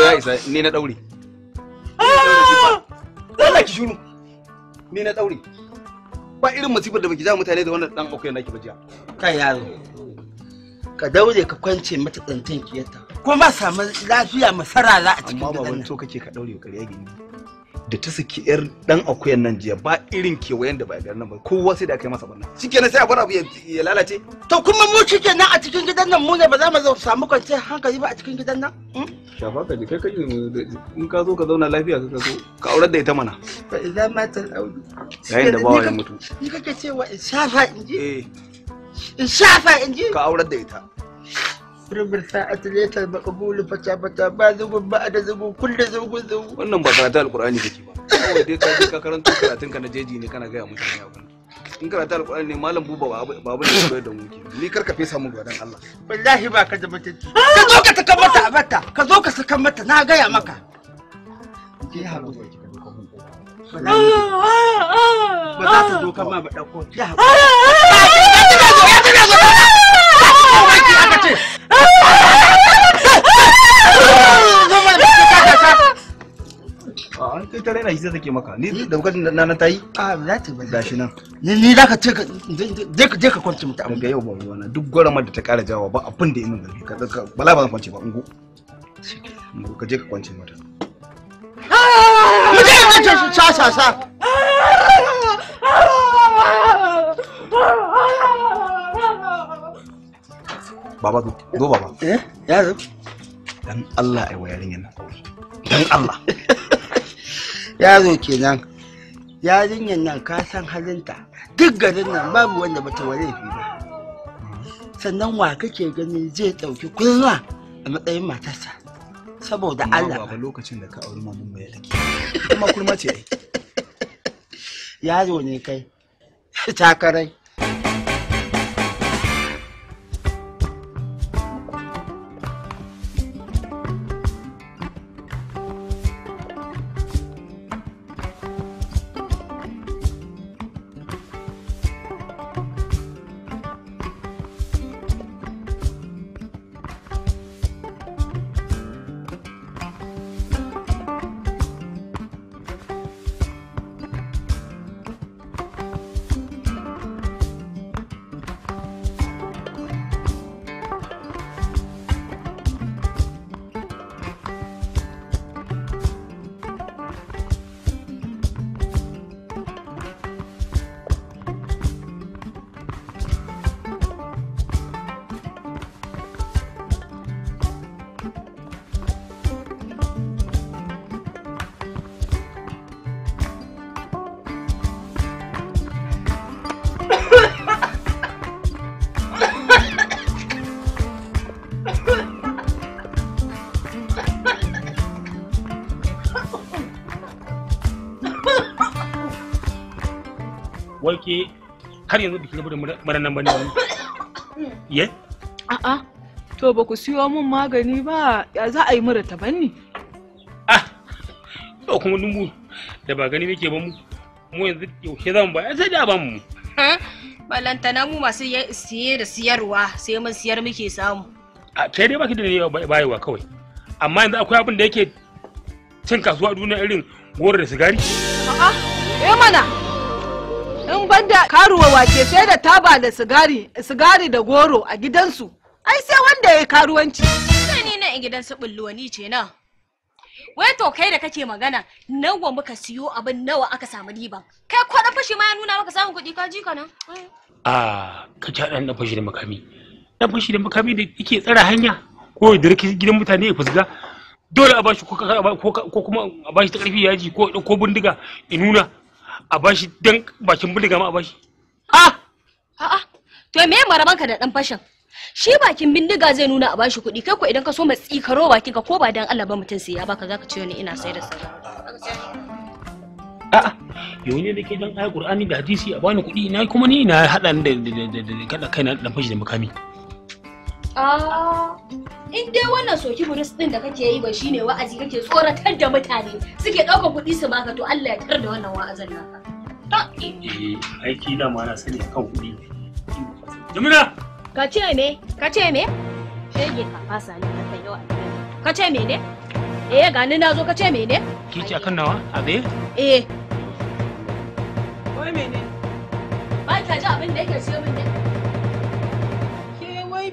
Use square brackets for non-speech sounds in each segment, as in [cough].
ya isa ni na daure. Ah! Allah ki shuru. Ni na daure. Ba irin musibar da baki ja mutane da wannan dan aukai naki bajiya. Kai yaro. Ka daure ka kwance mata tsantan kiyata. ba samu lafiya masara za a cikin gidan. Amma ba wani to kake ka daure ka rage ni. da ta saki yar dan akuyan nan jiya ba irin kewayen da ba garin nan ba kowa sai da kai masa barna shikenan sai a bar abu ya lalace to kuma mu shikenan a cikin gidan nan mu ne ba za mu samu kwanciyar hankali ba a cikin gidan nan hmm? shafa ka ji kai kai in ka zo ka zauna lafiya ka zo ka aurar da ita mana fa idan ma ta audu yayin da ba ya mutu ni kake cewa in shafa in ji eh. in shafa in ji ka aurar da ita ربع ساعة ليس المقبول فتا فتا با زبون بعد زبون كل زبون زبون wannan ba karatu alqur'ani kake ba kawai dai ka ka karanto karatun ka na jeji ne kana gaya mutane abin in karatu alqur'ani ne malam buba ba babu ne koyar da mu ke ni kar ka fesa min gwadan Allah wallahi ba ka da mutunci ah! ka zo ka saka mata a bata ka zo ka saka mata na gaya maka ki hakuri ba ah, ah, Ba za ta zo kama ba dauko ki hakuri kai ta raina shi zai take maka ni hmm? da bukatun da nana ta yi a za ta bari gashi nan ni za ka ce ka je ka kwance mata amma yau ba ruwana duk gwaramar da ta kara jawa ba abin da yi min zafi ka bala ba zan kwance ba ungu ka je ka kwance mata mu je ka kwance shi sa sa Baba zo, zo baba. Eh, ya zo. Dan Allah ai wa yarinyar Dan Allah. yaro kenan yarinyar nan ka san halinta duk garin nan babu wanda bata ware fi ba sannan wa kake ganin zai ɗauki kurwa a matsayin matarsa saboda Allah ba lokacin da ka auri mamun mai take kuma kurma ce [laughs] yaro ne kai takarai mara nan bane ye a'a to ba ku siyo min magani ba ya za a yi mura ta banni ah to kuma numu da ba gani nake ba mu mu yanzu yaushe zan ba sai da ban mu Balantana mu masu siye da siyarwa sai mun siyar muke samu a ah, kai dai baki da ne bayewa kawai amma yanzu akwai abin da yake cin kasuwa duniya irin goro da sigari a'a eh mana in banda karuwa wake sai da taba da sigari sigari da goro a gidansu ai sai wanda ya karuwanci ni na gidan su bulluwani ce na wai to kai da kake magana nawa muka siyo abin nawa aka samu riba kai kwaɗa fashi ma ya nuna maka samun kuɗi ka ji ka nan a ka ci haɗa na fashi da makami na fashi da makami da yake tsara hanya ko ya dirki gidan mutane ya fusga dole a bashi ko kuma a bashi ta ƙarfi yaji ko ko bindiga ya nuna a bashi dan bakin bindiga ma a bashi a a to me maraban ka da dan fashin shi bakin bindiga zai nuna a bashi kuɗi kai ko idan ka so mai tsikaro bakin ka ko ba dan Allah ba mutum sai ya baka zaka ce ni ina sai da sai a'a yau ne da ke dan ayi qur'ani da hadisi a bani kuɗi na kuma ni na hada ni da kada kaina dan fashi da makami Ah, in dai wannan soki buris din da kake yi ba shine wa'azi kake tsoratar da mutane suke ɗaukar kuɗi su baka to Allah ya tar da wannan wa'azin naka. Eh, aiki da ma na sani kan kuɗi. Jamila! Ka ce me? Ka ce me? Shege ka fasa ne ka kai yau Ka ce me ne? Eh ga ni na zo ka ce me ne? Ki ce akan nawa? Abe? Eh. Wai ne? Ba ka ji abin da yake ce min ne?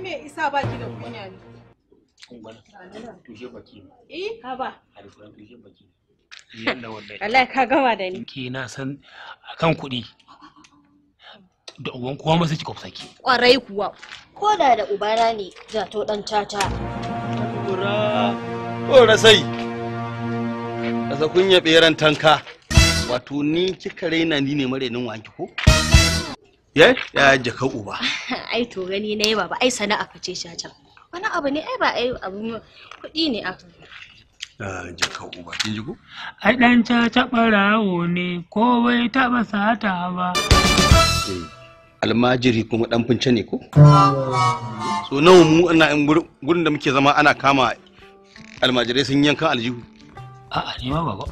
me isa baki da kunya ne eh ka Allah ka gama da ni ki na san akan kuɗi da uban kowa masu ki kwafsa ki kwarai kuwa ko da da ubana ne zato ɗan tata ora ora sai rasa kunya ɓeran tanka wato ni kika raina ni ne marainin wanki ko ya jaka uba [laughs] ai to gani nayi baba ai sana'a kace shi can wani abu ne ai ba ai abu kudi ne aka jaka uba kin ji ko ai dan ta taba ne ko bai taba sata ba eh, almajiri kuma dan fince ne ko so nawa mu ana gurin da muke zama ana kama almajirai sun yanka aljihu a'a ne ma baba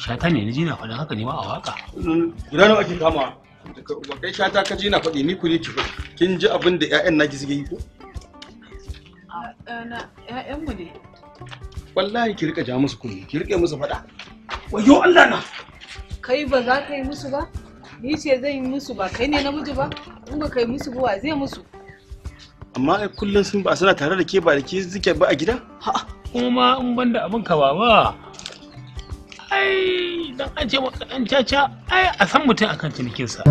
shata ne ni jina faɗin haka ne ma a waka gudanar ake kama ba kai sha ka je na faɗi ni ku ne ki faɗi kin ji abin da ƴaƴan naki suke yi ko ƴaƴan mu ne wallahi ki rika ja musu kunni ki rike musu faɗa wayo Allah na kai ba za ka yi musu ba ni ce zan yi musu ba kai ne namiji ba in ba kai musu ba zai musu amma ai kullun sun ba suna tare da ke ba da ke zike ba a gida ha kuma in banda abin ka ba ba ai dan an ce maka dan caca ai a san mutum akan cinikin sa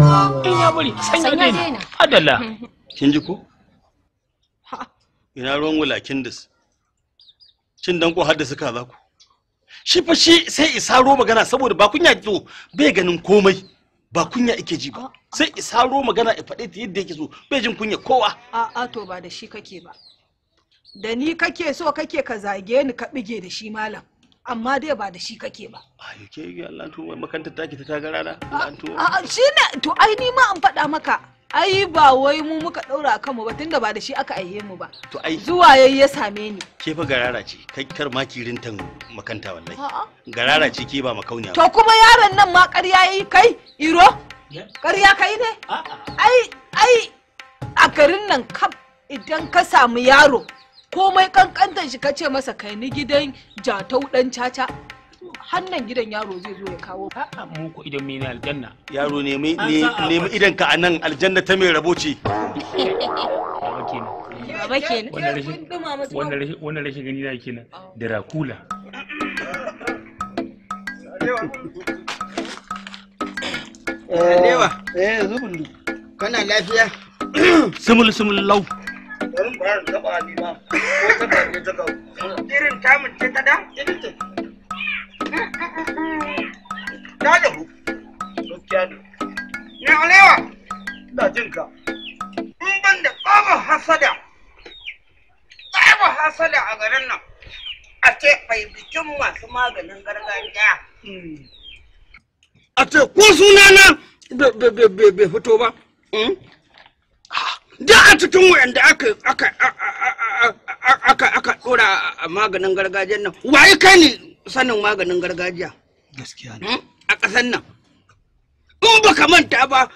in ya bari san ya daina adala [laughs] kin ji ko ina ruwan wulakin dis cin danko har da suka za ku shi fa shi sai isaro magana saboda ba kunya zo bai ganin komai ba kunya ike ji ba ah, ah. sai isaro magana ya faɗe ta yadda yake so bai jin kunya kowa a'a to ba da shi kake ba da ni kake so kake ka zage ni ka bige da shi malam amma dai ba da shi kake ba. yi ke yi Allah tuwa makanta makanta ki ta tagara na. A shi ne to ai ni ma an faɗa maka. Ai ba wai mu muka ɗaura a kanmu ba tunda ba da shi aka aihe mu ba. To ai zuwa yayi ya same ni. Ke fa garara ce kai kar ma ki rintan makanta wallahi. Garara ce ke ba makauniya. To kuma yaron nan ma ƙarya yayi kai iro? Ƙarya kai ne? Ai ai a garin nan kaf idan ka samu yaro komai kankantan shi kace masa kai ni gidan jatau dan caca hannan gidan yaro zai zo ya kawo a'a mu ko idan me ne aljanna yaro ne mai nemi idan ka anan aljanna ta mai rabo ce baba kenan baba kenan wannan rashin wannan rashin gani na kenan da rakula Alewa. Eh, zubulu. Kana lafiya? Sumul sumul lau. bari ba ran taba abi ba ko ta ba ta kawo irin tamun ce ta da irin ta ta da ku gaskiya ne ne alewa ina jin ka in ban da babu hasada babu hasada a garin nan a ce ai bikin masu maganin gargajiya hmm. a ce ko sunana bai fito ba hmm? da a cikin wayanda aka aka aka aka dora a maganin gargajiyar nan waye kai ne sanin maganin gargajiya gaskiya ne hmm? a ƙasan nan in baka manta ba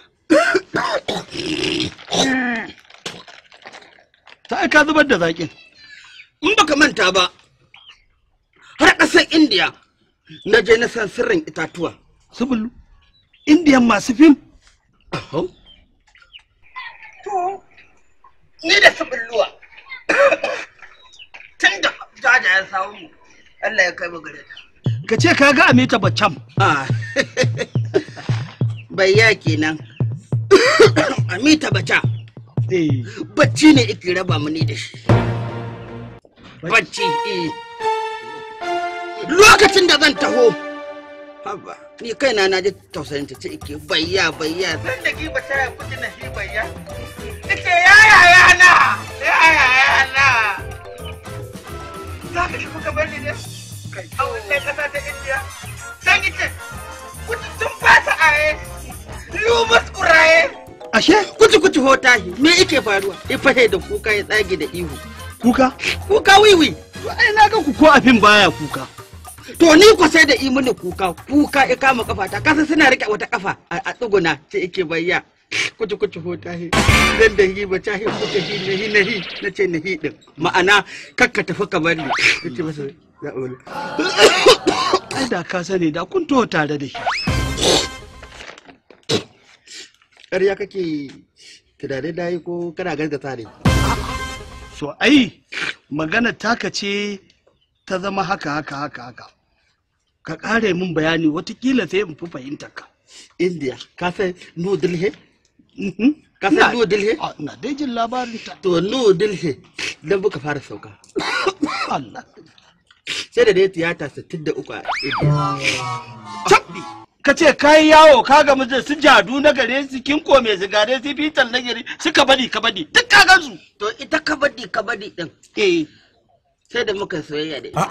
ta ka zubar da zaƙin in baka manta ba har ƙasar indiya na je na san sirrin itatuwa subulu indiyan masu fim ni da su bulluwa tun da jaja ya samu Allah ya kai mu gare ta ka ce ka ga amita baccam ah. [laughs] bayya kenan [coughs] amita bacca eh. bacci ne iki raba mani da shi bacci eh. lokacin da zan taho haba ni kaina na ji tausayin ta ce ike bayya bayya zan da ki ba ta kuɗi na shi bayya ce ya yaya na ya yaya na za ka shigo ka bari ne a wannan kasa ta indiya san ce kuci sun fata aye lumus kuraye ashe kuci kuci hota me yake faruwa ya fahimta da kuka ya tsage da ihu kuka kuka wiwi to ai na ga ku ko abin baya kuka to ni ko sai da imani kuka kuka ya kama kafa ta kasa suna rike wata kafa a tsuguna ce yake bayya kuci kuci hota tahi zan da hi ba tahi ku hi nahi nahi na ce nahi din ma'ana kakka tafi ka bari ta ce masa ya wani ai da ka sani da kun to tare da shi ƙarya kake tunanin da yi ko kana gaskata ne so ai magana taka ce ta zama haka haka haka haka ka kare min bayani watakila sai in fi fahimtar ka india ka san noodle Mhm. ka san nuwa dilhe ah, na dai jin labarin ta to nuwa dilhe buka fara sauka Allah sai da dai tiyata 63 a ka ce kai yawo ka ga mijin su jadu na gare su kinko mai zigare su fitan na gare su kabadi kabadi duk ka gansu to ita kabadi kabadi din eh sai da muka soyayya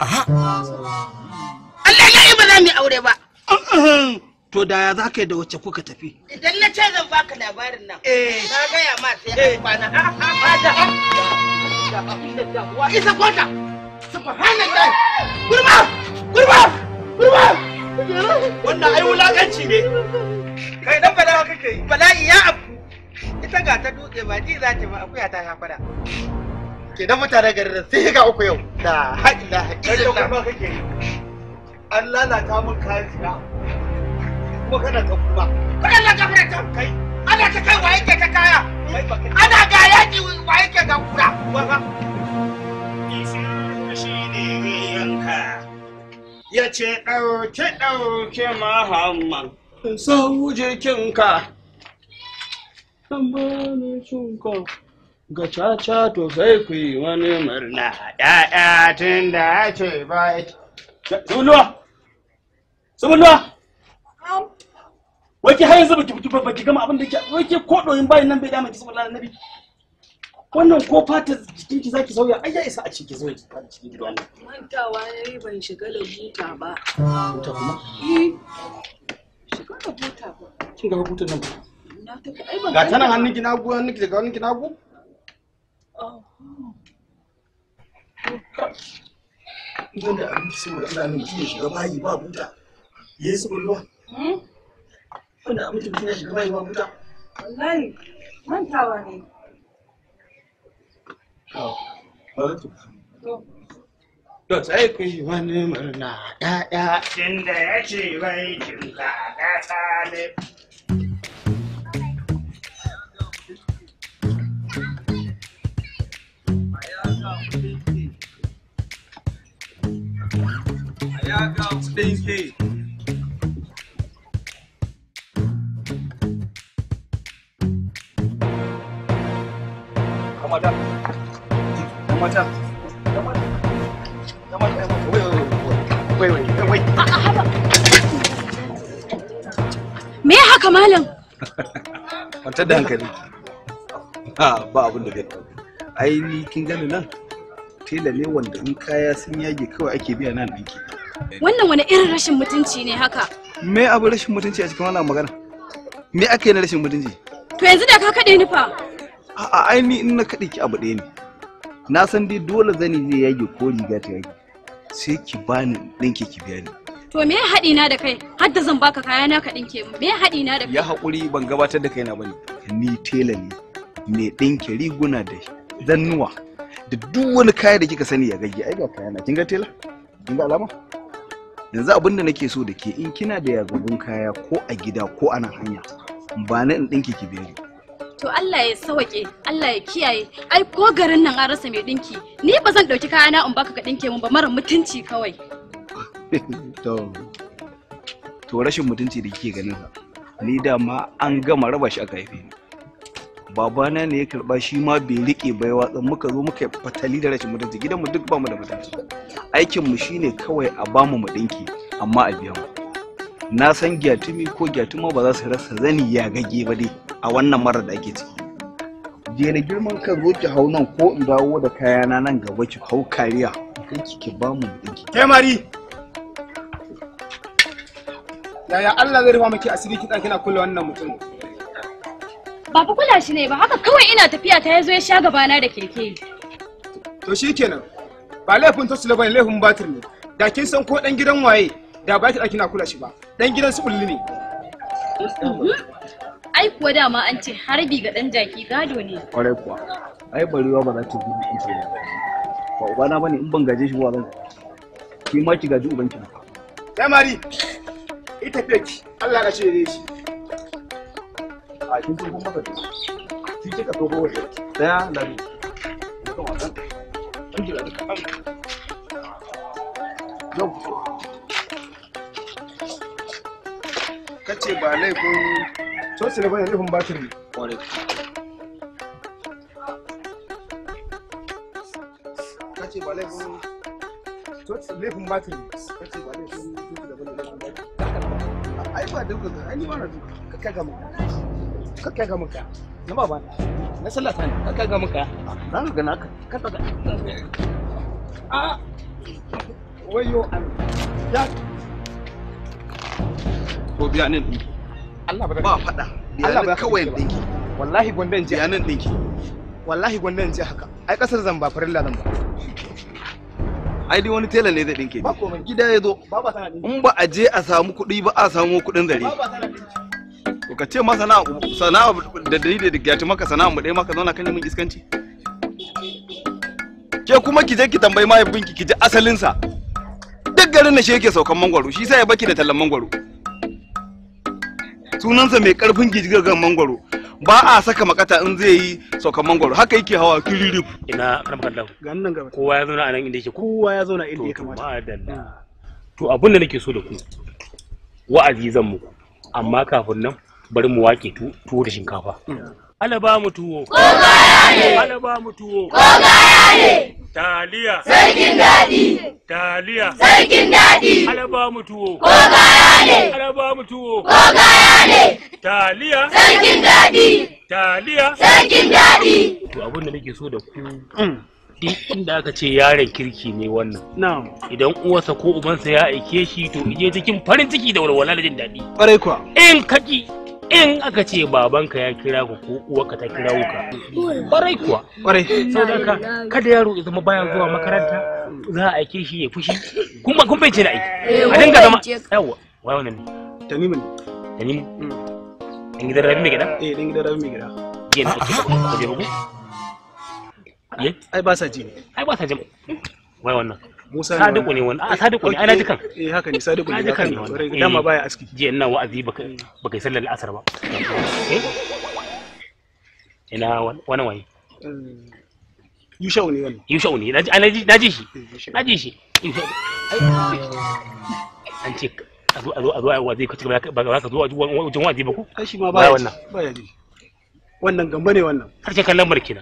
Allah ya yi ba za aure ba uh-uh. to da ya zaka da wacce kuka tafi idan na ce zan baka labarin nan eh. na gaya ma sai eh. an kwana isa kwata subhanallah gurba gurba gurba wannan ai wulakanci ne kai dan bala kake yi bala'i ya abu ita ga ta dutse ba ji za ta ba akuya ta ya fada ke dan mutane garin sai ga uku yau da haƙila haƙila kai da kuma an lalata mun kayan kuma kana ta kuma kai Allah ka fara ta kai ana ta kai waye ke ta kaya ana ga yaki waye ke ga kura waka shi ne yanka ya ce ɗauke ɗauke mahamman sau jikinka an bani cinka ga caca to sai ku yi wani murna ɗaɗa tun da ake bai Zubulwa! Zubulwa! wake har yanzu baki fito ba baki gama abin da yake wake ko doyin bayin nan bai dama ki saboda annabi wannan ko fata jikin ki zaki sauya ai ya isa a ciki zuwa fata cikin gidan nan mantawa ne ban shiga da buta ba buta kuma eh, shiga da buta ba kin ga buta nan ga ta nan hannun ki na gu hannun ki daga hannun ki na gu Idan da abinci saboda Allah ne mutum ya shiga bayi ba buta. Yesu Allah. Hmm? kuna mutunta shi wallahi mantawa ne To sai ka I got madam dan madam dan madam dan madam wai wai wai wai me haka malam kwantar da hankali ba abin da gani ai ni kin gani nan tela ne wanda in kaya sun yage kawai ake biya nan ɗinki wannan wani irin rashin mutunci ne haka me abu rashin mutunci a cikin wannan magana me aka yi na rashin mutunci to yanzu da ka kaɗe ni fa A'a ai ni in na kaɗe ki abu ɗaya ne. Na san dai dole zani zai yage ko riga ta yage. Sai ki bani ɗinki ki biya ni. To me haɗi na da kai? Har da zan baka kaya na ka ɗinke mu. Me haɗi na da kai? Ya haƙuri ban gabatar da kaina bane. Ni tela ne. Me ɗinke riguna da zannuwa. Da duk wani kaya da kika sani ya gage ai ga kaya na. Kin ga tela? Kin ga alama? Yanzu abin da nake so da ke in kina da yagagun kaya ko a gida ko a nan hanya ba na in ɗinki ki biya ni. to Allah ya sawake Allah ya kiyaye ai ko garin nan an rasa mai dinki ni ba zan dauki kayana in baka ka dinke mun ba mara mutunci kawai [laughs] to to rashin mutunci da kike ganin sa ni da ma an gama raba shi a haife babana ne ya karba shi ma bai rike bai watsa muka zo muka fatali da rashin mutunci gidan mu duk bamu da mutunci aikin mu shine kawai a bamu mu dinki amma a biya mu na san gyatumi ko gyatuma ba za su rasa zani ya gage ba dai a wannan mara da ake ciki je na girman kan zo ki hau nan ko in dawo da kayana nan gaba ki hau kariya kai ki ki ba mu dinki kai mari yaya Allah zai rufa miki asiri dan kina kula wannan mutum ba fa kula shi ne ba haka kawai ina tafiya ta yazo ya sha gabana da keke to shikenan ba laifin tasula labarin laifin batir ne da kin san ko dan gidan waye da ba ta ɗaki na kula shi ba dan gidan su ulli ne ai kuwa ma an ce harbi ga dan jaki gado ne kwarai kuwa ai barewa ba za ta gudu ce ba na bane in ban gaje shi ba zan ki ma ki gaji ki ya mari ita fake Allah ka shirye shi a kin ka maka ki kika to go waje daya da biyu to wannan an ji da kan yau ce ba laifin bane laifin batiri ka ce ba laifin laifin batiri ka ce ba laifin coci da bane laifin batiri ai ba duka ai ni ba na duka kakka na ba ba na sallata ne kakka ga Ka na ga na ka kakka a wayo an ya ko biya nan dinki Allah ba ba faɗa biya nan kawai dinki wallahi gwandan ji biya nan dinki wallahi gwandan ji haka ai ƙasar zamba ba farilla zan ba ai di wani tela ne zai dinke ba komai gida ya zo in ba a je a samu kuɗi ba a samu kuɗin zare to ka ce ma sana'a sana'a da dalili da gati maka sana'a mu dai maka zauna kan min iskanci ke kuma ki je ki tambayi mahaifinki ki ji asalinsa duk garin na shi yake saukan mangwaro shi sai ya baki da tallan mangwaro sunansa mai karfin gijigar mangwaro ba a saka makata in zai yi saukan mangwaro haka yake hawa kiririf ina karfan lau ganin gaba kowa ya zauna a nan inda yake kowa ya zauna inda ya kamata hmm. to abin da nake so da ku wa'azi zan muku amma kafin nan bari mu wake tuwo da shinkafa hmm. Ala ba mu tuwo. Ko gaya ne. Ana ba mu tuwo. Ko gaya ne. Taliya. Sarkin daɗi. Taliya. Sarkin daɗi. Ala ba mu tuwo. Ko gaya ne. Ana ba mu tuwo. Ko gaya ne. Taliya. Sarkin daɗi. Taliya. Sarkin daɗi. To abin da nake so da ku. Mm. Din inda aka ce yaren kirki ne wannan. Na'am. Idan uwarsa ko ubansa ya aike shi to ije cikin farin ciki da walwala da jin daɗi. Ƙwarai kuwa. In kaki in aka ce babanka ya kira ku ko uwarka ta kira ka kwarai kuwa kwarai saboda ka kada yaro ya zama bayan zuwa makaranta za a aike shi ya fushi kuma kun bai ce da aiki a dinga zama yawa wa wannan ne tamimu ne tamimu mm. dan gidan rabi mai gida eh dan gidan rabi mai gida je na ce ka je ku ai ba sa ji ai ba sa ji wa wannan Musa Sadiku ne wani a Sadiku ne ai naji kan eh haka ne ne wani um, Yushau wannan Yushau wa'azi ba ka zo wajen wa'azi wannan baya ne wannan har ce kallon barkina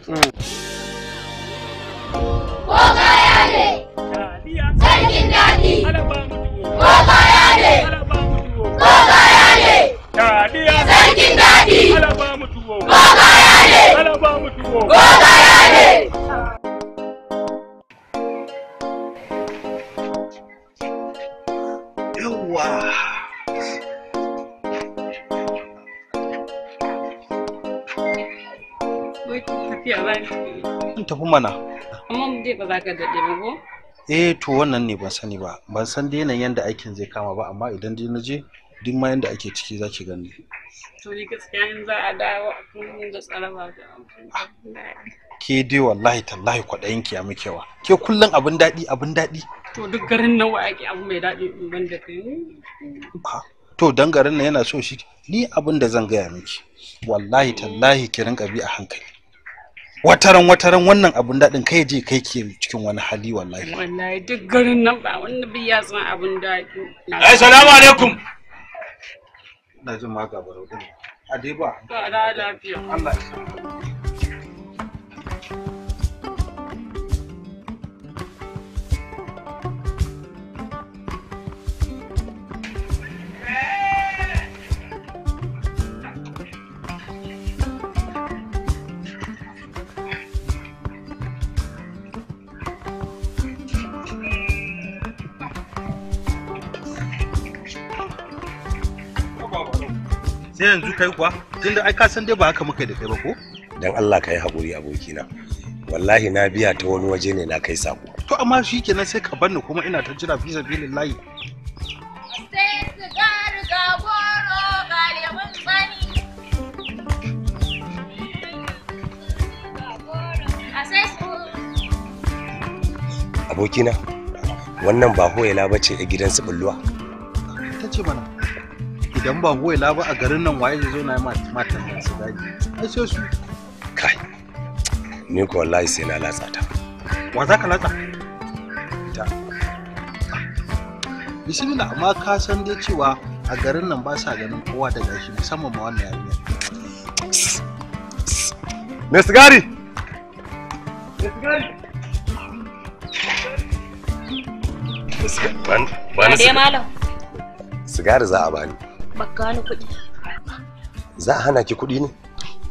gobara ne eh to wannan ne ban sani ba ban san dai yanayin yadda aikin zai kama ba amma idan dai na je duk ma yanda ake ciki zaki gani to ni gaskiya in za a dawo a kan da tsaraba ke dai wallahi tallahi kwaɗayin ki ya muke wa ke kullum abin daɗi abin daɗi to duk garin nan wa ake abu mai daɗi in ban da kai to dan garin nan yana so shi ni abin da zan gaya miki wallahi tallahi ki rinka bi a hankali wataran wataran wannan abun daɗin kai je kai ke cikin wani hali wallahi wallahi duk garin nan ba wannan bai ya san abun daɗi assalamu alaikum na jin ma ga barau din Adeba. dai ba ka da lafiya Allah ya sa. sai yanzu kai kuwa tunda ai ka san dai ba haka muka da kai ba ko dan Allah ka yi haƙuri abokina wallahi na biya ta wani waje ne na kai sako to amma shi kenan sai ka bar ni kuma ina ta jira fi sabilillahi abokina wannan ba hoyala bace a gidan su ta ce mana idan ba goyi laba a garin nan waye zai zo na matan nan su daji ai sai su kai ni ko wallahi sai na latsa ta wa za ka latsa ta bismillah amma ka san dai cewa a garin nan ba sa ganin kowa da gashi musamman ma wannan yarinya me sigari me sigari Sigari za a bani. baka ni kuɗi za a hana ki kuɗi ne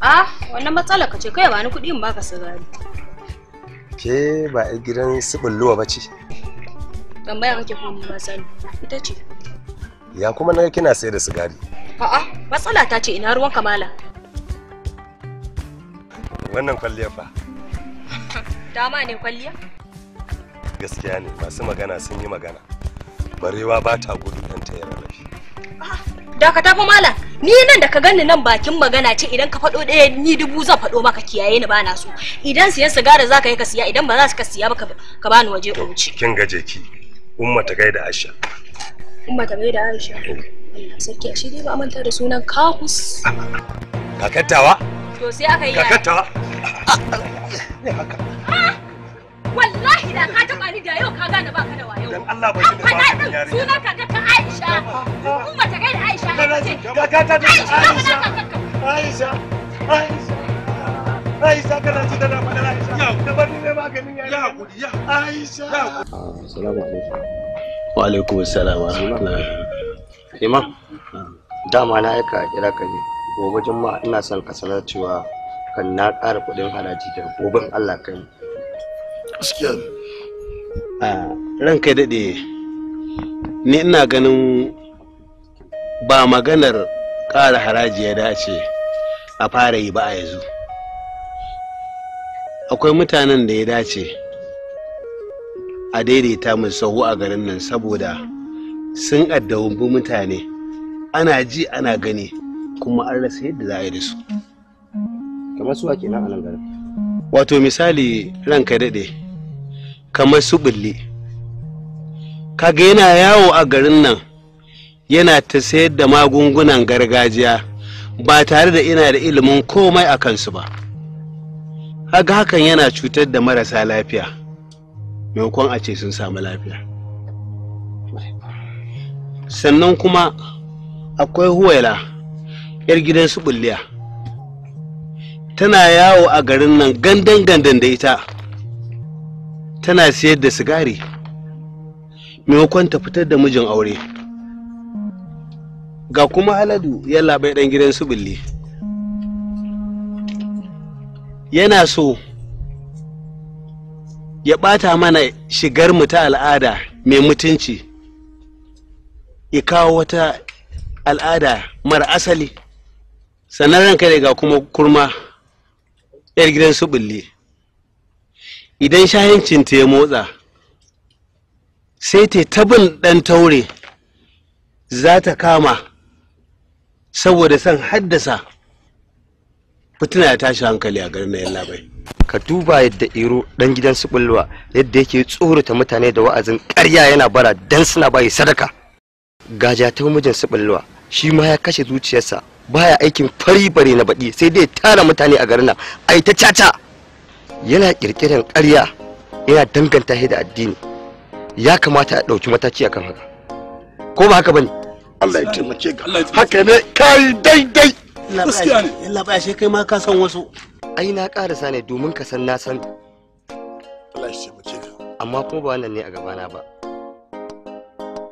ah wannan matsala ka ce kai ba ni kuɗi in baka sigari ke ba a gidan subulluwa ba ce tambaya kake kuma ba sani ita ce ya kuma na kina sayar da sigari a'a matsala ta ce ina ruwan kamala wannan kwalliyar fa dama ne kwalliya gaskiya ne masu magana sun yi magana barewa ba ta gudu don ta yi rarrafi dakata fa malam ni nan da ka gani nan bakin magana ce idan ka faɗo ɗaya ni dubu zan faɗo maka kiyaye ni bana so idan siyan sigara zaka yi ka siya idan ba za ka siya ba ka bani waje ko wuce kin gaje ki umma ta gaida Aisha umma ta gaida Aisha oh. Allah sarki ashe dai ba manta da sunan kakus kakattawa to sai aka yi kakattawa ah, ne haka ah! wallahi da ka taba ni da yau ka gane ba ka da wayo dan Allah bai da ba yare sunan ka ga Aisha umma ta ga Aisha ga ka ta da Aisha Aisha Aisha Aisha kana ji Aisha Aisha wa alaikum assalam wa dama na aika kira ka ne gobe juma'a ina son ka sanar cewa kan na ƙara kuɗin haraji da goben Allah kai ran kai daɗe ni ina ganin ba maganar ƙara haraji ya dace a fara yi ba a yanzu akwai mutanen da ya dace a daidaita mu sahu a garin nan saboda sun addabi mutane ana ji ana gani kuma an rasa yadda za a yi da su kamar suwa kenan a nan garin wato misali ranka daɗe kamar su bulle kaga yana yawo a garin nan yana ta sayar da magungunan gargajiya ba tare da ina da ilimin komai a kansu ba haga hakan yana cutar da marasa lafiya maimakon a ce sun samu lafiya sannan kuma akwai huwaila 'yar gidan su bulliya tana yawo a garin nan gandan gandan da ita tana sayar da sigari maimakon ta fitar da mijin aure ga kuma haladu ya labai ɗan gidan su yana so ya ɓata mana shigar mu ta al'ada mai mutunci ya kawo wata al'ada mara asali sannan ranka ga kuma kurma 'yar gidan su idan shahincin ta ya motsa sai ta tabin ɗan taure za ta kama saboda son haddasa fitina ya tashi hankali a garin na labai ka duba yadda iro ɗan gidan su bulwa yadda yake tsorata mutane da wa'azin ƙarya yana bara dan suna bayi sadaka gaja ta mijin su bulwa shi ma ya kashe zuciyarsa baya aikin fari bare na baɗi sai dai tara mutane a garin nan ai ta caca yana kirkiran ƙarya yana danganta shi da addini ya kamata a ɗauki mataki akan haka ko ba haka bane Allah ya taimake ka haka ne kai daidai gaskiya ne yalla ba shi kai ma ka san wasu ai na karasa ne domin ka san na san Allah ya taimake ka amma ko ba wannan ne a gabana ba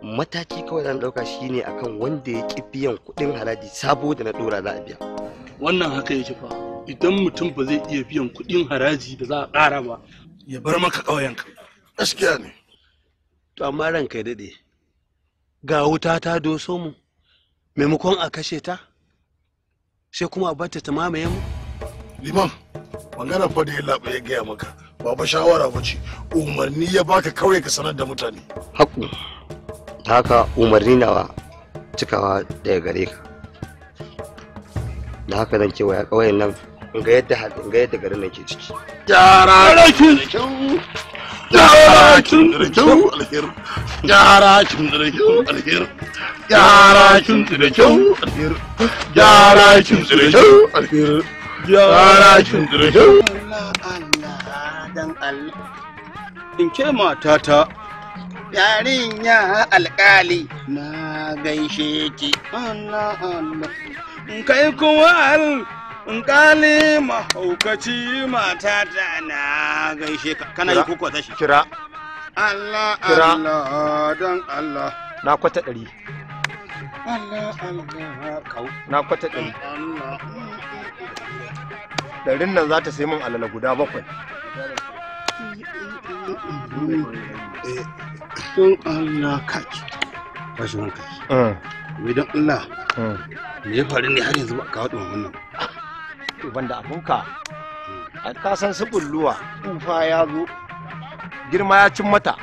mataki kawai zan ɗauka shine akan wanda ya ƙi biyan kuɗin haraji sabo da na ɗora za a biya wannan haka yake fa idan mutum ba zai iya biyan kuɗin haraji da za a ƙara ba ya bar maka ƙauyenka gaskiya ne to amma ranka ya daɗe ga wuta ta doso mu maimakon a kashe ta sai kuma a barta ta mamaye mu liman maganar fa da ya laɓa ya gaya maka ba ba shawara ba ce umarni ya baka kawai ka sanar da mutane haku haka umarni nawa cikawa daga gare ka da haka zan cewa ya ƙauyen nan in ga yadda in ga yadda garin nake ciki gyara kin da gyara kin da kyau alheri gyara kin da kyau alheri gyara kin da kyau alheri gyara kin da kyau alheri gyara kin da kyau dan Allah in ke alkali na gaishe ki Allah Allah kai kuma al in kali mahaukaci mata ta na gaishe ka kana yi kuka tashi kira Allah Allah don Allah na kwata ɗari Allah Allah kau na kwata ɗari ɗarin nan za ta sai min alala guda bakwai don Allah kaki rashin kai mm. wai don Allah mm. me ya faru ne har yanzu ba ka haɗu wannan to banda abuka a kasan su bulluwa tufa ya zo girma ya cin mata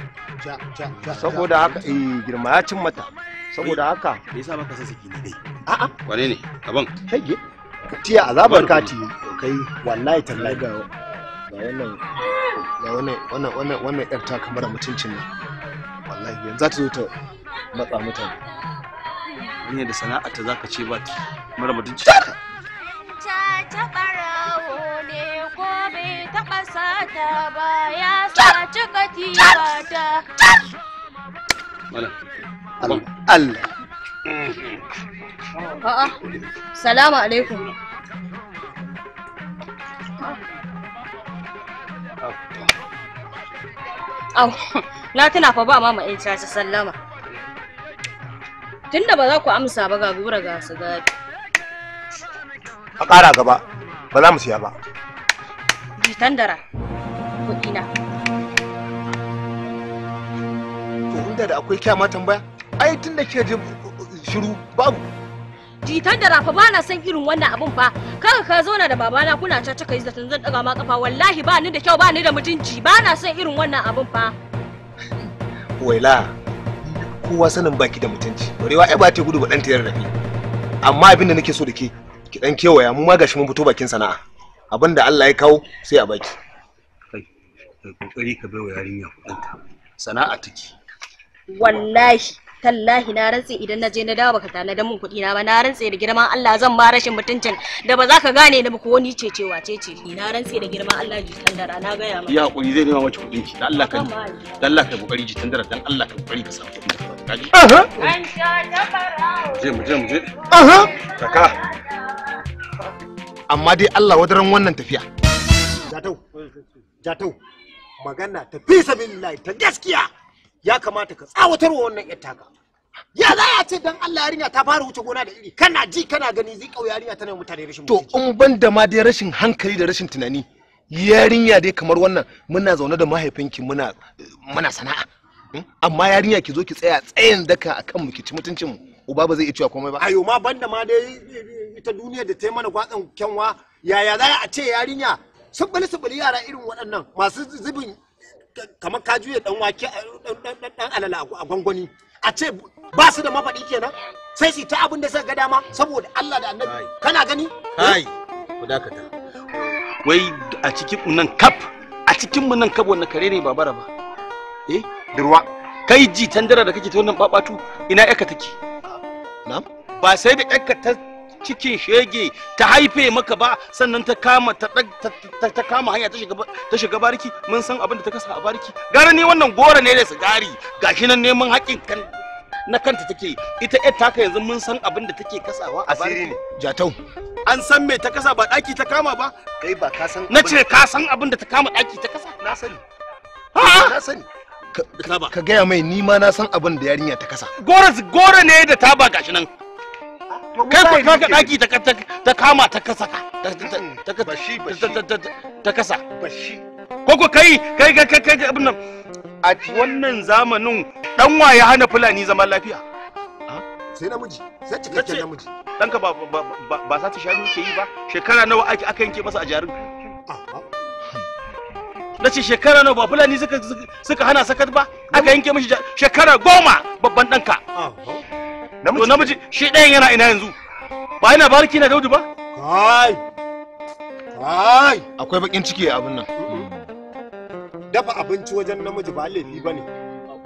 saboda haka eh girma ya cin mata saboda haka me yasa baka san saki ne dai a a kwane ne kaban kage tiya azabar kati kai wallahi tallahi ga wannan ga wannan wannan wannan wannan yar ta kamar mutuncin nan wallahi yanzu za ta zo ta matsa mutane ne da sana'a ta zaka ce ba ta mara mutuncin taɓa ne ko bai taɓa sata ba ya saci katifata. Allah. A'a, salamu alaikum. Au, na tuna fa ba mama in sallama. Tunda ba za ku amsa ba ga gura ga su gabi. a ƙara gaba ba za mu siya ba jitan dara kuɗina to inda da akwai kyama tambaya ai tun da ke jin uh, uh, shiru babu jitan dara fa ba na son irin wannan abin fa kaga ka zauna da babana kuna ta cika yi zaton zan daga ma kafa wallahi ba ni da kyau ba ni da mutunci ba na son irin wannan abin fa [laughs] waila kowa sanin baki da mutunci barewa ai ba ta gudu ba dan ta yarda ni amma abin da nake so da ke ki dan kewaya mu ma gashi mun fito bakin sana'a abinda Allah ya kawo sai a baki kai kokari ka bai wa yarinya kudinta sana'a take wallahi tallahi na rantse idan na je na dawo baka tana da mun kuɗi na ba na rantse da girman Allah zan ma rashin mutuncin da ba za ka gane da ko wani cece wace ce na rantse da girman Allah ji tandara na gaya ya ya hakuri zai nema maki kuɗin ki dan Allah ka dan Allah ka kokari ji tandara dan Allah ka kokari ka samu kuɗin ka ji aha an sha tabara je mu je mu je aha kaka amma dai Allah wadaran wannan tafiya jatau jatau magana ta fi ta gaskiya ya kamata ka tsawatarwa wannan yattaka ya za a ce dan Allah yarinya ta fara wuce gona da iri kana ji kana gani zai kauya yarinya tana mutane rashin to in ban da ma dai rashin hankali da rashin tunani yarinya dai kamar wannan muna zaune da mahaifinki muna muna sana'a hmm? amma yarinya ki zo ki tsaya tsayin daka akan mu ki ci mutuncin mu uba ba zai iya cewa komai ba ayo ma banda ma dai ita duniya da tai mana gwatsan kyanwa yaya za a ce yarinya sabbali sabbali yara irin waɗannan masu zubin kamar ka juya dan wake dan alala a gwangwani a ce ba su da mafaɗi kenan sai su ta abin da suka ga dama saboda Allah da Annabi kana gani ai ku dakata wai a cikin nan kaf a cikin mu nan kaf wannan kare ne babara ba eh durwa kai ji tandara da kake ta wannan babatu ina yaka take ba sai da ƴanka ta cikin shege ta haife maka ba sannan ta kama ta ta ta kama hanya ta shiga ta shiga mun san abin da ta kasa a barki gara ne wannan gora ne da sigari gashi nan neman haƙin kan na kanta take ita ƴar taka yanzu mun san abin da take kasawa a barki jatau an san me ta kasa ba ɗaki ta kama ba kai ba ka san na ce ka san abin da ta kama ɗaki ta kasa na sani ha na sani taba ka gaya mai ni ma na san abin da yarinya ta kasa goro gora ne da taba gashi nan kai ko ka daki ta ta kama ta kasa ka ta kasa bashi ko ko kai kai kai kai abin nan a wannan zamanin dan waye hana fulani zaman lafiya sai namiji sai cikakken namiji danka ba ba ba ba sa ta shanu ke yi ba shekara nawa ake aka yanke masa a jarin na ce shekara nawa ba fulani suka suka hana sakat ba aka yanke mishi shekara goma babban ɗanka to namiji shi ɗayan yana ina yanzu ba yana barki na daudu ba kai kai akwai bakin ciki a abin nan mm-hmm. dafa abinci wajen namiji ba laifi ba ne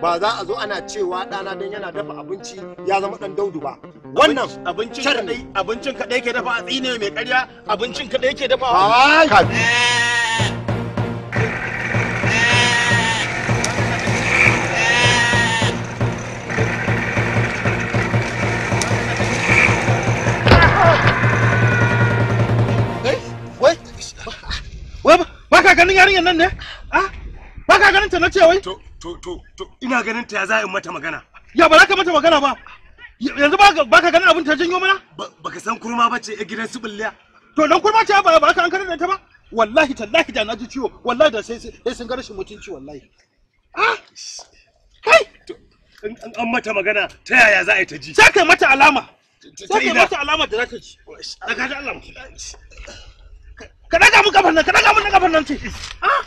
ba za a zo ana cewa ɗana don yana dafa abinci ya zama ɗan daudu ba wannan abincin kaɗai abincin kaɗai ke dafa a tsine mai ƙarya abincin kaɗai ke dafa wa kabi eh. ba ka ganin yarinyar nan ne ah ba ka ganin ta na ce wai to to to ina ganin ta ya za in mata magana ya ba za ka mata magana ba yanzu ba ka ganin abin ta janyo mana ba ka san kurma ba ce a gidan su billiya to dan kurma ce ba ba ka an kan da ta ba wallahi tallahi da na ciwo wallahi da sai sai sun garshi mutunci wallahi ah kai an mata magana ta yaya za a yi ta ji sai kai mata alama sai kai mata alama da za ta ji daga da Allah ka mun kafar nan ka mun kafar nan ce ah!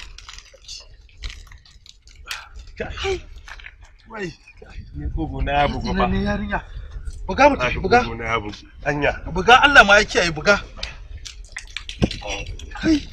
wai na ba ne yarinya buga buga na anya buga Allah ma ya kiyaye buga kai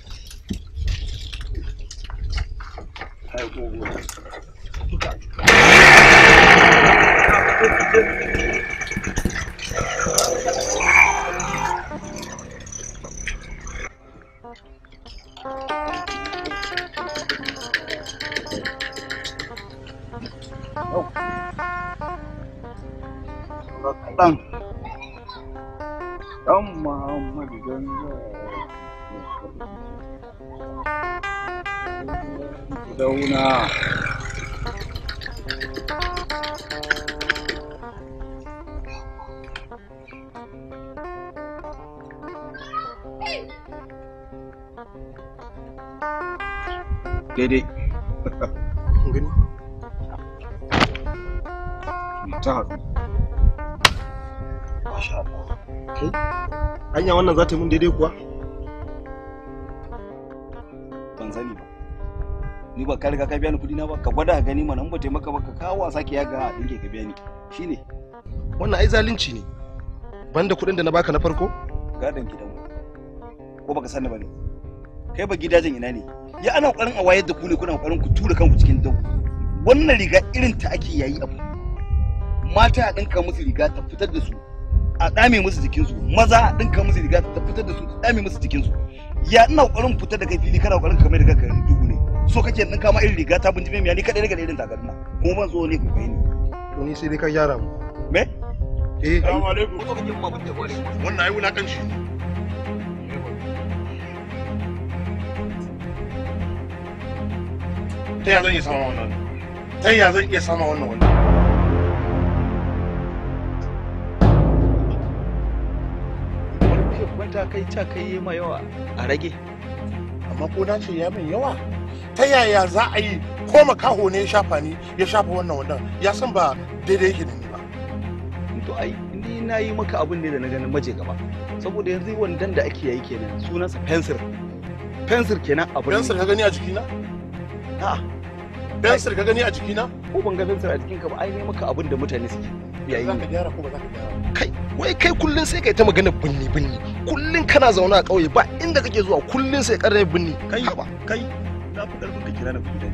ta haɗu masha Allah kai hanya wannan za ta yi mun daidai kuwa ban sani ba ni ba ka riga ka biya ni kuɗi na ba ka gwada gani mana in ba taimaka ba ka kawo a sake yaga ga ɗinke ka biya ni shine wannan ai zalunci ne banda kuɗin da na baka na farko gadon gidanmu ko baka sani ba ne kai ba gidajen ina ne ya ana ƙoƙarin a wayar da ku ne kuna ƙoƙarin ku tura kanku cikin dau wannan riga irin ta ake yayi abu mata a ɗinka musu riga ta fitar da su a ɗame musu jikinsu maza a ɗinka musu riga ta fitar da su ta ɗame musu jikinsu ya ina ƙoƙarin fitar da kai fili kana ƙoƙarin kamar da kanka dubu ne so kake ɗinka ma irin riga ta bincike miya ni kaɗai daga irin takardu na kuma ban so ne ku kai ni. to ni sai dai ka gyara mu. me. eh. salamu alaikum. wannan ai wulakanci. ta ya zan iya sama wannan ta ya zan iya sama wannan wannan. ta kai ta kai ma yawa a rage amma ko na ce ya min yawa ta yaya za a yi ko makaho ne ya shafa ni ya shafa wannan wannan ya san ba daidai yake ne ba to ai ni na yi maka abin ne da na ganin maje gaba saboda yanzu wandan da ake yayi kenan sunansa fensir fensir kenan abin fensir ka gani a jikina a'a fensir ka gani a jikina ko ban ga fensir a jikinka ba ai ne maka abin da mutane suke yayi za ka gyara ko ba za ka gyara wai kai kullun sai kai ta magana binni binni kullun kana zaune a ƙauye ba inda kake zuwa kullun sai ƙarfe binni kai kai na fi ƙarfin ka kira na kuɗi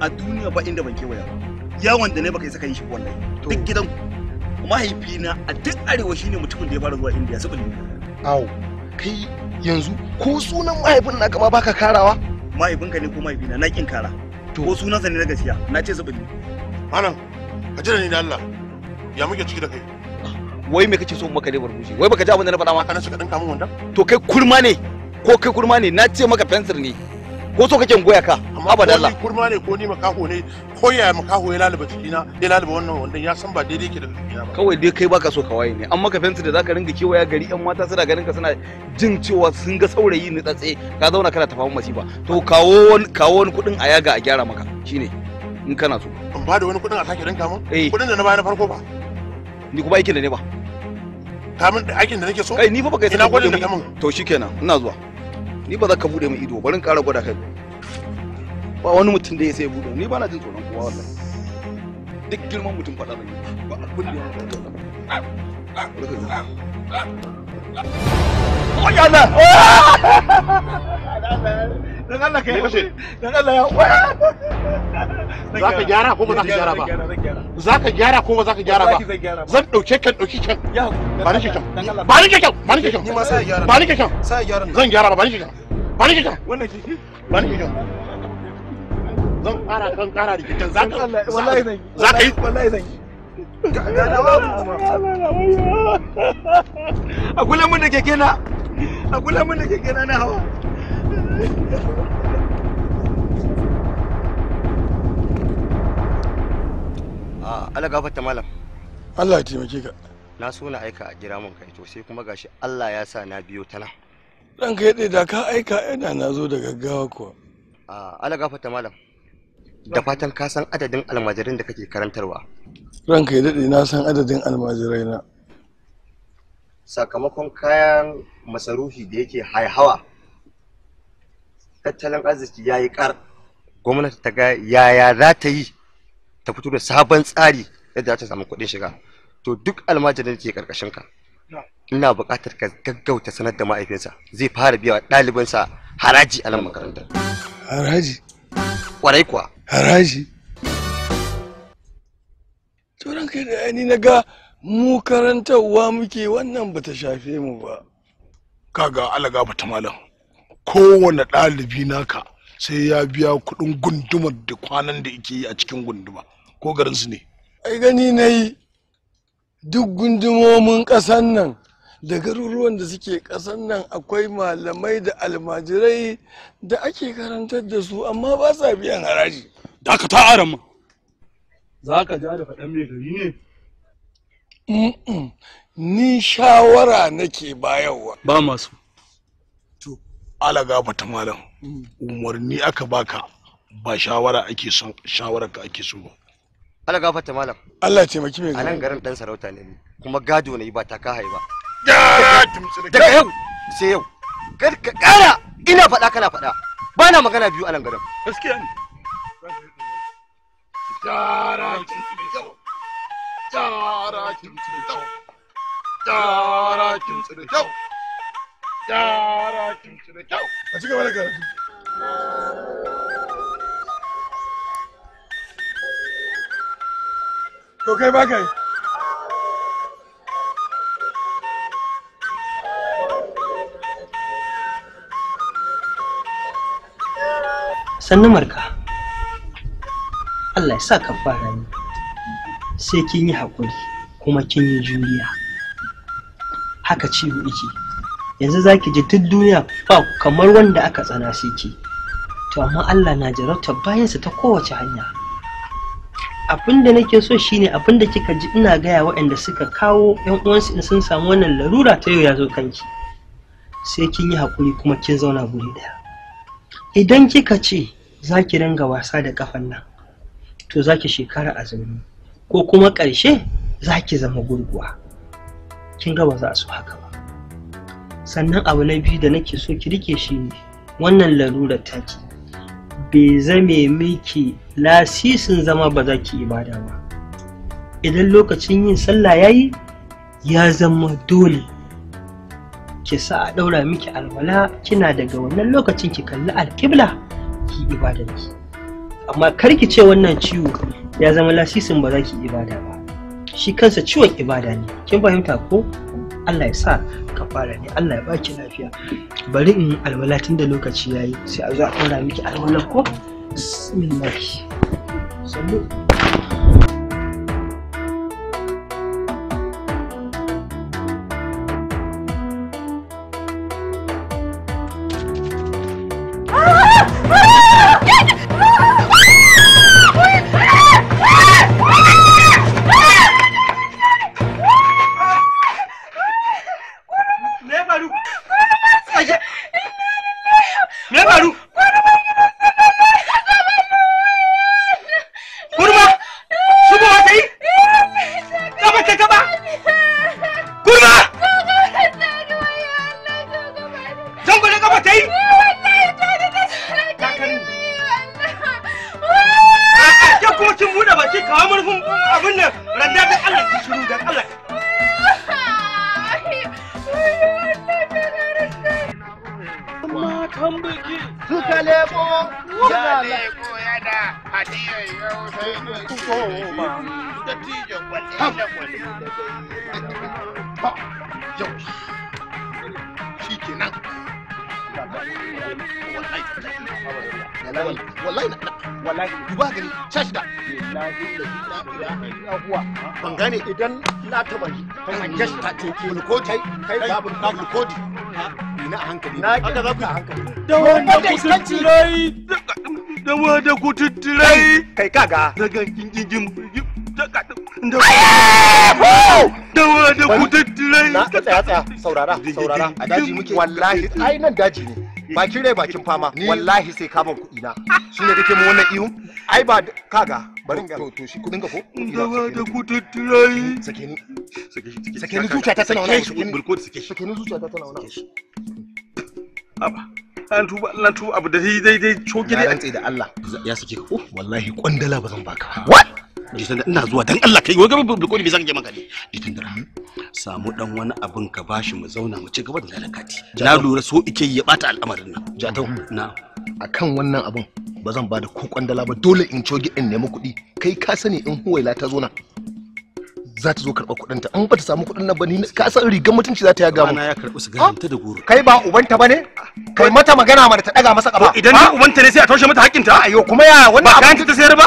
a duniya ba inda ban kewaya ba yawon da ne baka yi saka yin shi wallahi duk gidan mahaifina a duk arewa shine mutumin da ya fara zuwa indiya saboda awo kai yanzu ko sunan mahaifin naka ma baka karawa mahaifinka ne ko mahaifina na kin kara to ko sunansa ne na gaskiya na ce saboda anan ka jira ni da Allah ya muke ciki da kai wai me kake so maka ne barbushi wai baka ji abin da na faɗa ma kana suka dinka min wanda to kai kurma ne ko kai kurma ne na ce maka fensir ne ko so kake goya ka amma ba dalla kurma ne ko ni makaho ne ko ya makaho ya lalaba jikina ya lalaba wannan wanda ya san ba daidai yake da jikina ba kawai dai kai baka so ka waye ne amma ka fensir da zaka ringa kewaya gari yan mata suna ganin ka suna jin cewa sun ga saurayi ni tsatse ka zauna kana tafawan masifa to kawo wani kawo wani kudin a yaga a gyara maka shine in kana so in ba da wani kudin a sake rinka mun eh. kudin da na bayar na farko ba ni kuma aikin da ne ba ta min aikin da nake so kai ni fa baka yi ina gwadin da kamun to shikenan ina zuwa ni ba za ka bude min ido bari in ƙara gwada kai ba wani mutum da ya sai bude ni ba na jin tsoron kowa wallahi duk girman mutum faɗa zan yi ba abin da ya faɗa Allah! [laughs] Allah! Dan Allah ka yi Dan Allah ya za ka gyara ko ba za ka gyara ba za ka gyara ko ba za ka gyara ba zan dauke kan dauki kan ba nake kan ba nake kan ba nake kan ba nake kan zan gyara ba nake kan ba nake kan ba nake kan zan kara kan kara da kitan za ka wallahi zan za ka yi wallahi zan a kula mun da keke na a kula mun da keke na na hawa Ah, Allah gafarta malam. Allah ya taimake ka. Na so na aika a jira mun kai to sai kuma gashi Allah ya sa na biyo ta nan. Dan kai dai da ka aika ina na zo da gaggawa kuwa. Ah, Allah gafarta malam. Da fatan ka san adadin almajirin da kake karantarwa. Ranka ya dade na san adadin almajirai na. Sakamakon kayan masarufi da yake haihawa tattalin arziki ya yi kar gwamnati ta ga yaya za ta yi ta fito da sabon tsari yadda za ta samu kuɗin shiga to duk almajirin da ke karkashin ka ina buƙatar ka gaggauta sanar da ma'aikinsa zai fara biya wa ɗalibansa haraji a nan makarantar haraji kwarai kuwa haraji turan kai da ni na ga mu karantarwa muke wannan bata shafe mu ba kaga alaga bata malam kowane ɗalibi naka sai ya biya kuɗin gundumar da kwanan da yake yi a cikin gunduma ko garinsu ne ai gani na yi duk gundumomin ƙasan nan da garuruwan da suke ƙasan nan akwai malamai da almajirai da ake karantar da su amma ba sa biyan haraji da ka ta ma za ka ja da faɗan mai gari ne ni shawara nake bayarwa ba masu to alaga bata malam mm. umarni aka baka ba shawara ake son shawara ka ake so ba Allah ta malam. Allah ce maki mai. A nan garin dan sarauta ne kuma gado ne ba ta ka haiba. Daga yau sai yau. Kar ka kara ina faɗa kana faɗa. Ba na magana biyu a nan garin. Gaskiya ne. Tara kin tsiri Tara kin tsiri Tara kin tsiri Tara kin A cikin wani karatu. to kai Allah ya sa ka fara ni sai kin yi haƙuri kuma kin yi juriya haka ciwo iki yanzu za ki ji duk duniya ba kamar wanda aka tsana sai ki to amma Allah na jarabta bayansa ta kowace hanya abin da nake so shine abin da kika ji ina gaya waɗanda suka kawo yan uwansu in sun samu wannan larura ta yau ya zo kanki sai kin yi hakuri kuma kin zauna guri ɗaya. idan kika ce za ki ringa wasa da kafan nan to za ki shekara azumi ko kuma ƙarshe za ki zama gurguwa kin ga ba za su haka ba sannan abu na biyu da nake so ki rike shi ne wannan larurar taki bai zame miki lasisin zama ba za ki ibada ba idan lokacin yin sallah ya yi ya zama dole ki sa a ɗaura miki alwala kina daga wannan lokacin ki kalli alkibla ki ibada ki amma kar ki ce wannan ciwo ya zama lasisin ba za ki ibada ba shi kansa ciwon ibada ne kin fahimta ko Allah ya sa ka fara ne Allah ya baki lafiya bari in alwala tun da lokaci yayi sai a zo a ɗora miki alwala ko bismillah sallu Jalego yana da gane idan na taba yi kan kai babu na a hankali haka za ku da wanda kututturai da wanda kututturai kai kaga daga jinjin dawa da kututturai na tsaya tsaya saurara saurara a daji muke wallahi ai nan daji ne bakin rai bakin fama wallahi sai kaman kuɗi na shi ne kake mu wannan ihu ai ba kaga bari ga to shi kuɗin ka ko dawa da kututturai sake ni sake ni zuciya ta tana wani sake ni zuciya ta tana wani an tuba abu da dai dai coki dai rantsi da Allah ya sake ka ko oh, wallahi kwandala ba zan baka what jitan ina zuwa dan Allah kai wai gaban bulkoli bai zan je maka ne jitan da samu dan wani abin ka bashi mu zauna mu ci gaba da lalakati na lura so ike ya bata al'amarin nan jatan mhm. na akan wannan abin ba zan bada ko kwandala ba dole in coge in nemi kuɗi kai ka sani in huwaila ta zo na zata ta zo karɓar kuɗinta an ba ta samu kuɗin nan ba ni ka san rigar mutunci zata ta yaga mu ya karɓi su ta da goro kai ba ubanta bane kai mata magana mana ta daga masa ƙafa idan ni ubanta ne sai a taushe mata haƙƙinta ayo kuma ya wannan ba ka ta sayar ba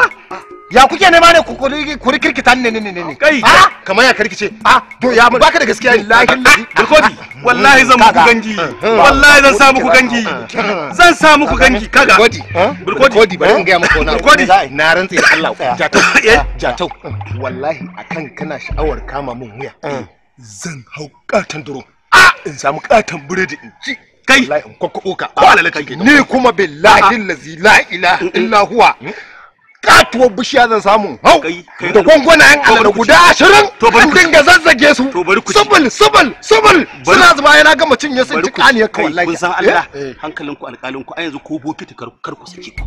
ya kuke nema ne ku rikirkita ne ne ne ne kai ah! kamar ya karkice a ah! to ya baka da gaskiya lahi [laughs] bilkodi [laughs] wallahi zan muku gangi eh, eh. wallahi zan sa muku gangi [laughs] zan sa muku gangi kaga bilkodi eh? bilkodi bari in ga muku na bilkodi na rantsa ya Allah jatau jatau wallahi akan kana sha'awar kama mun wuya zan hau katan duro ah! in samu katan biredi in ci kai wallahi in kokko ka ko alalaka ne kuma billahi allazi la ilaha illa huwa katuwar bishiya zan samu hau da gwangwana yan alala guda ashirin an dinga zazzage su sabal sabal sabal suna zuba yana gama cinye sun ci kaniyar kawai kun san eh? Allah eh. hankalinku alƙalinku a yanzu ko bokiti karku ku saki ku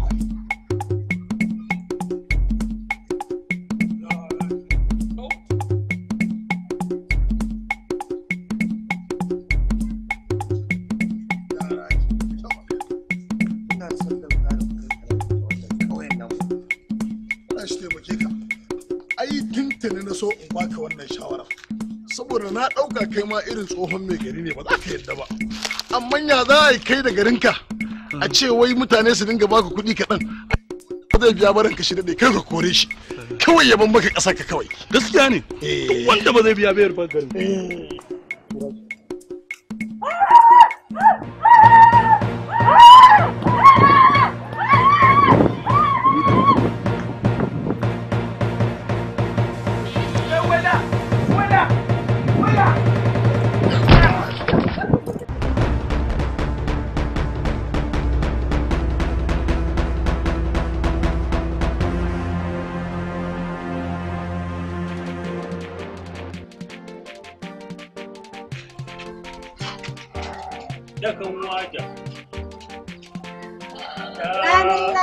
so in baka wannan shawara saboda na ɗauka kai ma irin tsohon mai gari ne ba za ka yadda ba amma ya za a yi kai da garinka a ce wai mutane su dinga baka kuɗi kaɗan zai biya barin ka shi daɗe kai ka kore shi kawai ya ban baka ƙasa ka kawai gaskiya ne wanda ba zai biya bayar ba garin eh.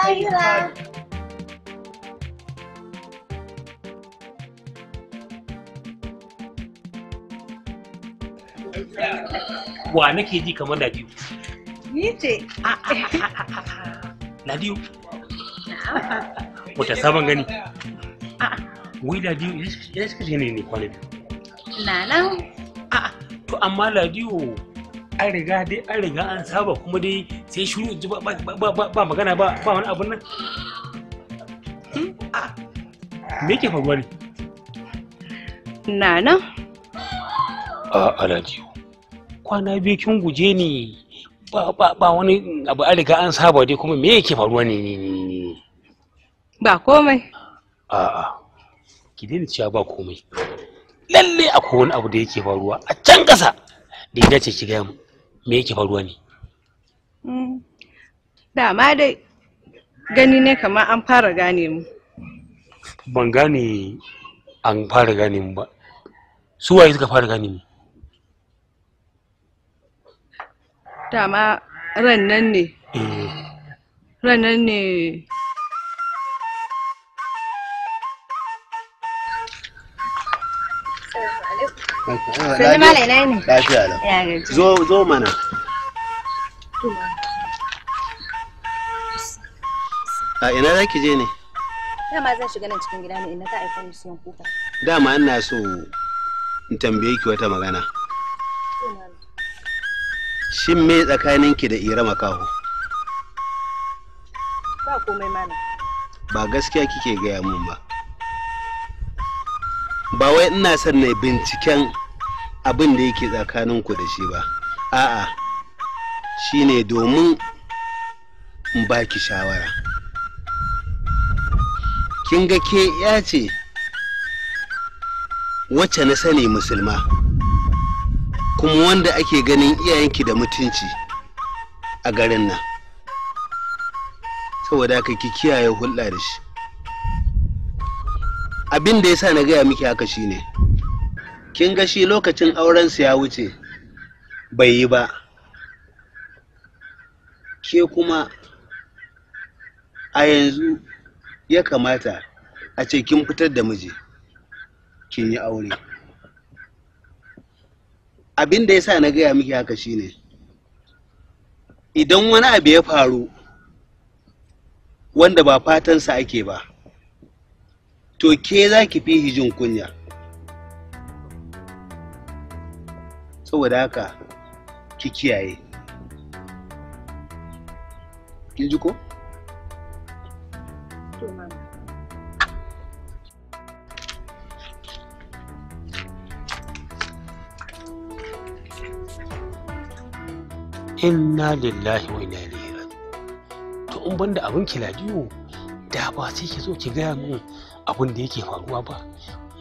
lahira wa nake ji kamar da biyu ni ce na biyu wata sabon gani wai da biyu suka ne ne kwana biyu na to amma ladiyo an riga dai an riga an saba kuma dai sai shuru ji ba magana ba wani abun nan hmm? ah. me ke faruwa ne nana a alaji kwana biyu kin guje ni ba wani abu an riga an saba dai kuma me yake faruwa ne ba komai a'a ki daina cewa ba komai lalle akwai wani abu da yake faruwa a can ƙasa da ya dace ki gaya mu me yake faruwa ne Dama dai gani ne kamar an fara gane mu. Ban gane an fara gane mu ba. Su waye suka fara gane mu? Dama ran nan ne. Eh. Ran nan ne. Sai malai ne? Lafiya lau. Zo mana. A ina za ki je ne? Dama zan shiga nan cikin gida ne ina ka aika ni siyan kuka. Dama ina so in tambaye ki wata magana. Shin me tsakanin ki da Ira Makaho? Ba komai mana. Ba gaskiya kike gaya mun ba. Ba wai ina son na binciken abin da yake tsakaninku da shi ba. A'a. shine domin in baki shawara kin ga ke ya ce wacce na sani musulma kuma wanda ake ganin iyayenki da mutunci a garin nan saboda aka ki kiyaye hulɗa da shi abin da ya sa na gaya miki haka shine kin ga shi lokacin auren su ya wuce bai yi ba ke kuma a yanzu ya kamata a ce kin fitar da miji kin yi aure abin da ya sa na gaya miki haka shine idan wani abu ya faru wanda ba fatansa ake ba to ke za ki fi hijin kunya saboda haka ki kiyaye inna lillahi wa inna ilaihi to in banda abin kiladiyo da ba sai ki zo ki gaya min abin da yake faruwa ba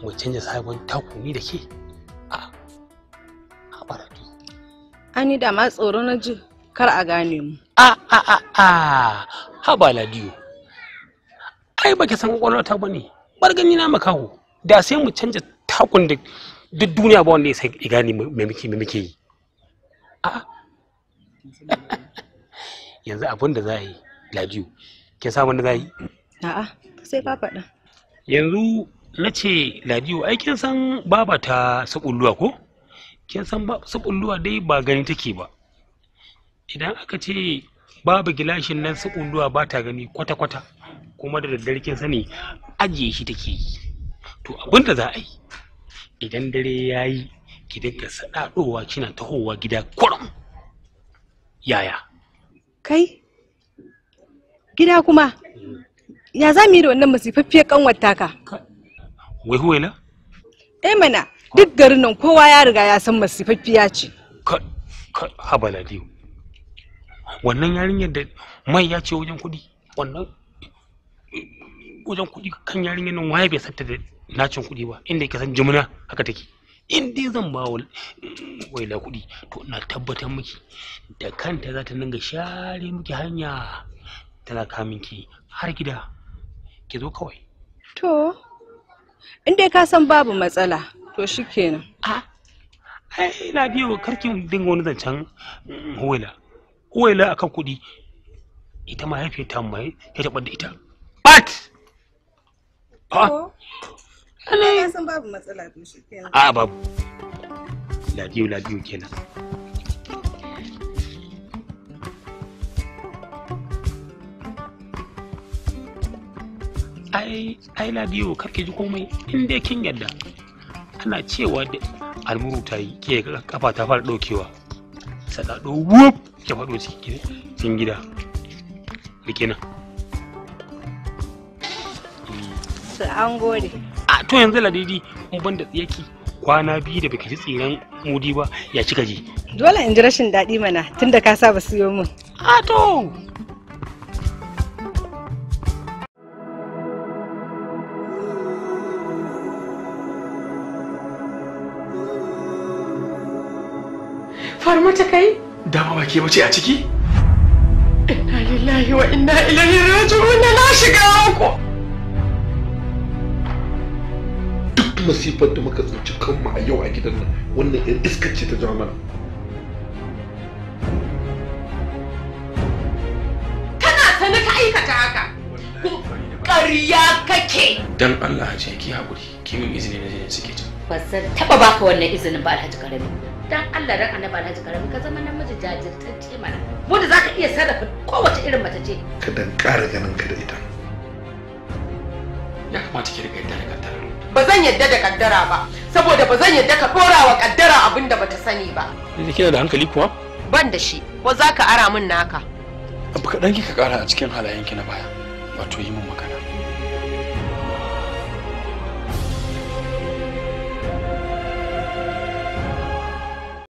mu canza sabon takumi da ke a haɓaratu ani da ma tsoro na ji kar a gane mu a ah, a ah, a ah, a ba ladiyo ai baki san kwakwalwata ba ne bar gani na makaho da sai mu canja takun da duk duniya ba wanda ya sai ya gane me muke me muke yi a [laughs] yanzu abin da za a yi ladiyo ke sa wanda za a yi a'a sai ka faɗa yanzu na ce ladiyo ai kin san baba ta sabulluwa ko kin san sabulluwa dai ba gani take ba idan aka ce babu gilashin nan su unduwa ba ta gani kwata-kwata kuma da daddarkin sani ajiye shi take yi to abin da za a yi idan dare ya yi ki dinga saɗaɗowa kina tahowa gida kurum yaya kai gida kuma ya za mu yi da wannan masifaffiyar kanwar taka wai na eh mana duk garin nan kowa ya riga ya san masifaffiya ce ka ka habala diyo wannan yarinyar da mai ya ce wajen kuɗi wannan wajen kuɗi kan yarinyar nan waye bai santa da nacin kuɗi ba inda yake san jimina haka take in dai zan ba wa mm, waila kuɗi to ina tabbatar miki da kanta za ta dinga share miki hanya tana kamin ki har gida ki zo kawai to in dai ka san babu matsala to shikenan a ai ina biyo karkin dinga wani zancen mm, waila uwaila akan kudi ita ma haife ta mai ya taɓa da ita but ha ah! ana san babu matsala to shi kenan a babu ladiyo ladiyo kenan ai ai ladiyo karke ji komai in dai kin yadda ana cewa da almuru ta yi ke kafa ta fara ɗaukewa sadado wup ta faɗo cikin gida da kenan su an gode a to yanzu ladidi kuma ban da tsiyaki kwana biyu da baka ji tsiran mudi ba ya cika ji dole in ji rashin daɗi mana tunda ka saba siyo mun a to farmata kai ba mace a ciki inna lillahi wa inna ilaihi raji'un na shiga ku duk masifar da muka tsinci kanmu a yau a gidan nan wannan yan iskar ce ta jawo kana sani ka aikata haka ƙarya kake dan Allah ce ki haƙuri ki min izini na jinin suke can ba zan taɓa baka wannan izinin ba alhaji karami dan Allah ran annabi Alhaji Karami ka zama namiji jajirtacce mana wanda zaka iya sarrafa kowace irin mace ce ka dan ƙara ganin ka da ita ya kamata ki riga yadda da kaddara ba zan yadda da kaddara ba saboda ba zan yadda ka dora wa kaddara abin da bata sani ba ni kina da hankali kuwa ban da shi ko zaka ara min naka abu kaɗan kika ƙara a cikin halayenki na baya wato yi min magana